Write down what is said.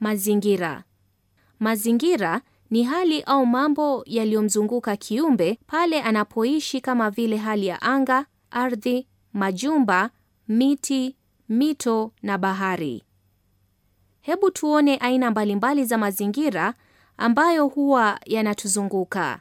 Mazingira. Mazingira ni hali au mambo yaliyomzunguka kiumbe pale anapoishi kama vile hali ya anga, ardhi, majumba, miti, mito na bahari. Hebu tuone aina mbalimbali za mazingira ambayo huwa yanatuzunguka.